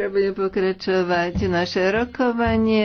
Zajtra budeme pokračovať naše rokovanie.